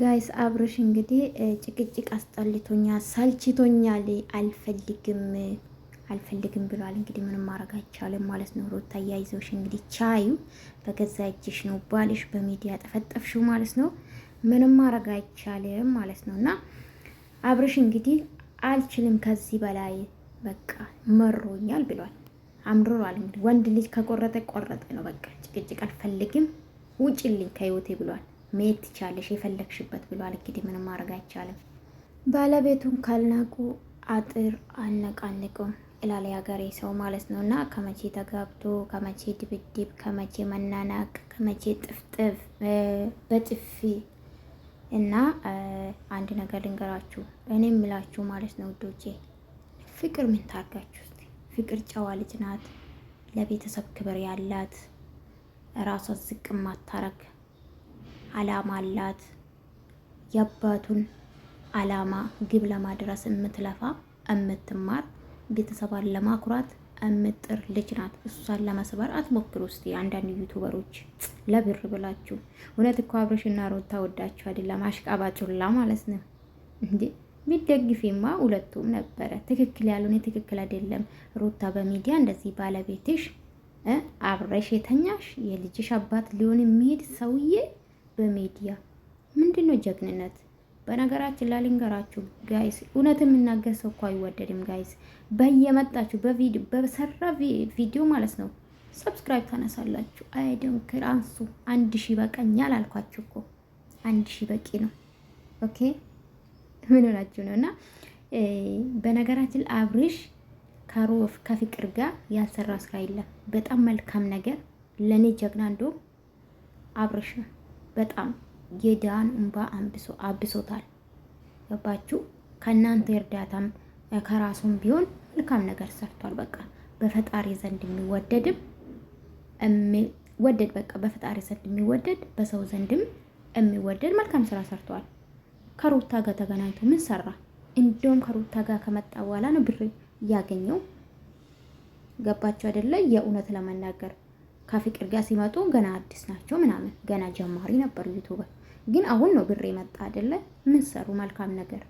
ጋይስ አብርሽ እንግዲህ ጭቅጭቅ አስጠልቶኛል፣ ሰልችቶኛል፣ አልፈልግም አልፈልግም ብሏል። እንግዲህ ምንም ማድረግ አይቻልም ማለት ነው። ሮታ አያይዘውሽ እንግዲህ ቻዩ በገዛ እጅሽ ነው፣ ባልሽ በሚዲያ ጠፈጠፍሽው ማለት ነው። ምንም ማድረግ አይቻልም ማለት ነው። እና አብርሽ እንግዲህ አልችልም ከዚህ በላይ በቃ መሮኛል ብሏል። አምሮሯል እንግዲህ ወንድ ልጅ ከቆረጠ ቆረጠ ነው። በቃ ጭቅጭቅ አልፈልግም፣ ውጭልኝ ከህይወቴ ብሏል። መሄድ ትቻለሽ የፈለግሽበት ብሏል። እንግዲህ ምንም ማድረግ አይቻልም። ባለቤቱን ካልናቁ አጥር አነቃንቅም ይላል የሀገሬ ሰው ማለት ነው። እና ከመቼ ተጋብቶ ከመቼ ድብድብ፣ ከመቼ መናናቅ፣ ከመቼ ጥፍጥፍ በጥፊ እና አንድ ነገር ልንገራችሁ፣ እኔ የምላችሁ ማለት ነው ውዶቼ፣ ፍቅር ምን ታርጋችሁ? ፍቅር ጨዋ ልጅ ናት፣ ለቤተሰብ ክብር ያላት ራሷ ዝቅ ማታረግ አላማ አላት። የአባቱን አላማ ግብ ለማድረስ የምትለፋ የምትማር ቤተሰቧን ለማኩራት የምጥር ልጅ ናት። እሷን ለመስበር አትሞክሩ። እስቲ አንዳንድ ዩቱበሮች ለብር ብላችሁ እውነት እኮ አብረሽና ሮታ ወዳችሁ አይደለም አሽቃባጩላ ማለት ነው እንዴ? ቢደግፊማ ሁለቱም ነበረ። ትክክል ያልሆነ ትክክል አይደለም። ሮታ በሚዲያ እንደዚህ ባለቤትሽ አብረሽ የተኛሽ የልጅሽ አባት ሊሆን የሚሄድ ሰውዬ በሚዲያ ምንድን ነው ጀግንነት? በነገራችን ላይ ልንገራችሁ ጋይስ፣ እውነት የምናገር ሰው እኮ አይወደድም ጋይስ። በየመጣችሁ በሰራ ቪዲዮ ማለት ነው ሰብስክራይብ ታነሳላችሁ። አይደንክር አንሱ። አንድ ሺህ በቀኛል አልኳችሁ እኮ አንድ ሺህ በቂ ነው። ኦኬ ምን ሆናችሁ ነው? እና በነገራችን አብርሽ ከሮፍ ከፍቅር ጋር ያልሰራ ስራ የለም። በጣም መልካም ነገር ለእኔ ጀግና እንደውም አብርሽ ነው። በጣም የዳን እንባ አብሶታል። ገባችሁ? ከእናንተ እርዳታም ከራሱም ቢሆን መልካም ነገር ሰርቷል። በቃ በፈጣሪ ዘንድ የሚወደድም ወደድ በቃ በፈጣሪ ዘንድ የሚወደድ በሰው ዘንድም የሚወደድ መልካም ስራ ሰርተዋል። ከሩታ ጋር ተገናኝቶ ምን ሰራ? እንዲሁም ከሩታ ጋር ከመጣ በኋላ ነው ብር እያገኘው ገባቸው አይደለ? የእውነት ለመናገር ከፍቅር ጋር ሲመጡ ገና አዲስ ናቸው ምናምን ገና ጀማሪ ነበር ዩቱበር። ግን አሁን ነው ብር የመጣ አይደለ? ምን ሰሩ? መልካም ነገር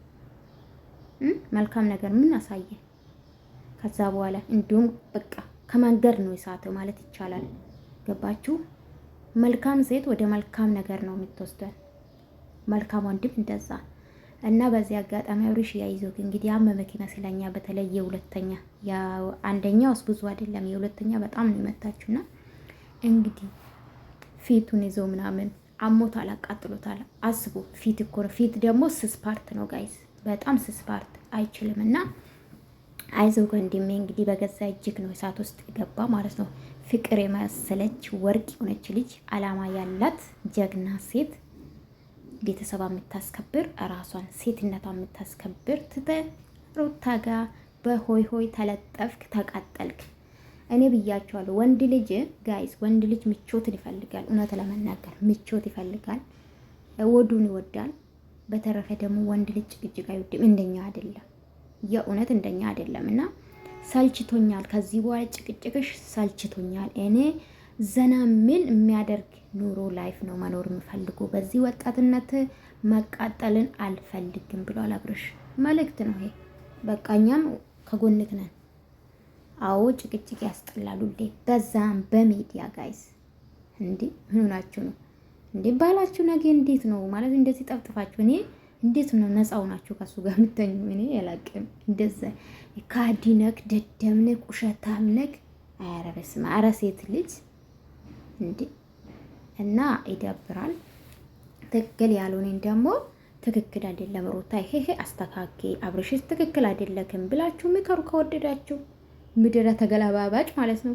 መልካም ነገር ምን አሳየ? ከዛ በኋላ እንዲሁም በቃ ከመንገድ ነው የሳተው ማለት ይቻላል። ገባችሁ? መልካም ሴት ወደ መልካም ነገር ነው የምትወስደን፣ መልካም ወንድም እንደዛ እና በዚህ አጋጣሚ አብርሽ ያይዞክ እንግዲህ መኪና ይመስለኛል። በተለይ የሁለተኛ አንደኛውስ ብዙ አይደለም፣ የሁለተኛ በጣም ነው የመታችሁና እንግዲህ ፊቱን ይዞ ምናምን አሞታል፣ አቃጥሎታል። አስቡ ፊት እኮ ነው። ፊት ደግሞ ስስ ፓርት ነው ጋይስ፣ በጣም ስስ ፓርት አይችልም። እና አይዞህ ወንድሜ እንግዲህ በገዛ እጅግ ነው እሳት ውስጥ ገባ ማለት ነው። ፍቅር የመሰለች ወርቅ የሆነች ልጅ፣ አላማ ያላት ጀግና ሴት፣ ቤተሰቧ የምታስከብር ራሷን ሴትነቷ የምታስከብር ትተ ሩታ ጋ በሆይ ሆይ ተለጠፍክ፣ ተቃጠልክ። እኔ ብያቸዋለሁ። ወንድ ልጅ ጋይስ፣ ወንድ ልጅ ምቾትን ይፈልጋል። እውነት ለመናገር ምቾት ይፈልጋል፣ ወዱን ይወዳል። በተረፈ ደግሞ ወንድ ልጅ ጭቅጭቅ አይወድም። እንደኛ አይደለም፣ የእውነት እንደኛ አይደለም። እና ሰልችቶኛል፣ ከዚህ በኋላ ጭቅጭቅሽ ሰልችቶኛል። እኔ ዘና ምን የሚያደርግ ኑሮ ላይፍ ነው መኖር የምፈልጉ በዚህ ወጣትነት መቃጠልን አልፈልግም ብሏል አብርሽ። መልእክት ነው ይሄ። በቃ እኛም ከጎንክ ነን። አዎ ጭቅጭቅ ያስጠላሉ እንዴ! በዛም በሚዲያ ጋይስ እንዴ ምን ሆናችሁ ነው እንዴ? ባላችሁ ነገ እንዴት ነው ማለት እንደዚህ ጠፍጥፋችሁ እኔ እንዴት ነው ነፃው ናችሁ ከሱ ጋር የምተኙ? እኔ ያላቅም እንደዛ ነክ ደደምነክ ነክ ኧረ በስመ አብ! ኧረ ሴት ልጅ እንዴ እና ይደብራል። ትክክል ያልሆነን ደግሞ ትክክል አይደለም ሩታ ይሄ አስተካኪ አብርሽስ ትክክል አይደለክም ብላችሁ ምከሩ ከወደዳችሁ ምድረ ተገለባባጭ ማለት ነው።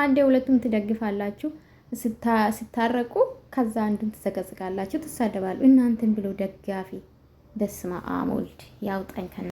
አንዴ ሁለቱም ትደግፋላችሁ፣ ስታረቁ ከዛ አንዱን ትዘቀዝቃላችሁ፣ ትሳደባሉ። እናንተን ብሎ ደጋፊ በስመ አብ ወልድ ያውጣኝ።